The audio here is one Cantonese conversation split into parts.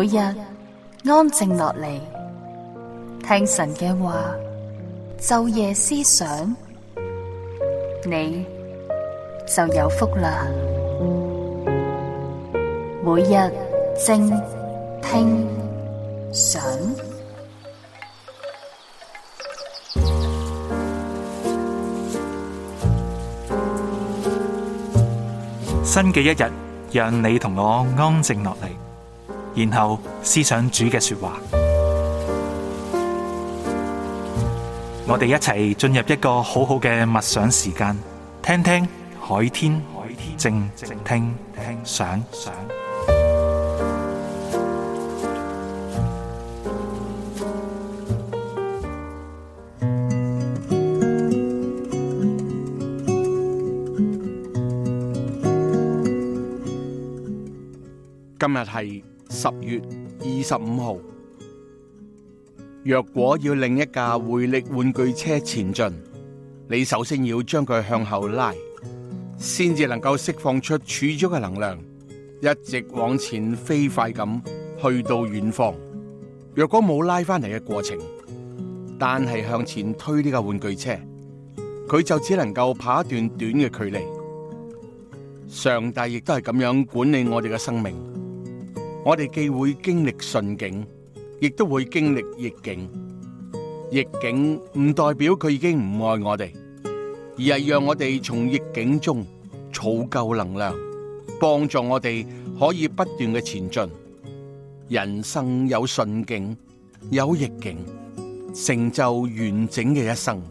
每日安靜落嚟，聽神嘅話，晝夜思想，你就有福啦。每日靜聽想，新嘅一日，讓你同我安靜落嚟。然後思想主嘅說話，我哋一齊進入一個好好嘅默想時間，聽聽海天，海天靜靜聽聽想想。今日係。十月二十五號，若果要令一架回力玩具車前進，你首先要將佢向後拉，先至能夠釋放出儲咗嘅能量，一直往前飛快咁去到遠方。若果冇拉返嚟嘅過程，但係向前推呢架玩具車，佢就只能夠跑一段短嘅距離。上帝亦都係咁樣管理我哋嘅生命。我哋既會經歷順境，亦都會經歷逆境。逆境唔代表佢已經唔愛我哋，而係讓我哋從逆境中儲夠能量，幫助我哋可以不斷嘅前進。人生有順境，有逆境，成就完整嘅一生。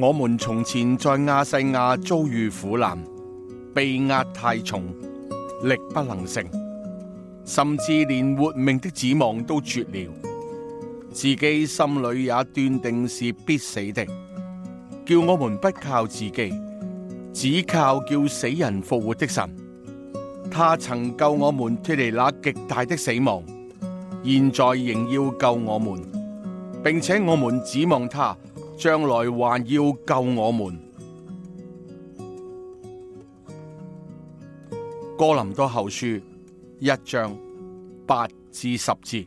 我們從前在亞西亞遭遇苦難，被壓太重，力不能勝，甚至連活命的指望都絕了，自己心裏也斷定是必死的。叫我們不靠自己，只靠叫死人復活的神。他曾救我們脱離那極大的死亡，現在仍要救我們，並且我們指望他。將來還要救我們。哥林多後書一章八至十節。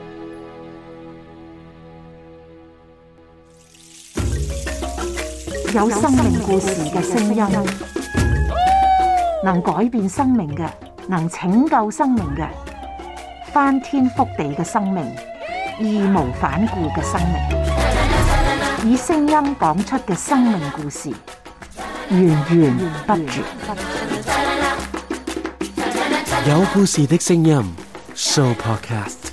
有生命故事嘅聲音，能改變生命嘅，能拯救生命嘅，翻天覆地嘅生命，義無反顧嘅生命，以聲音講出嘅生命故事，源源不絕。有故事的聲音，Sooopodcast。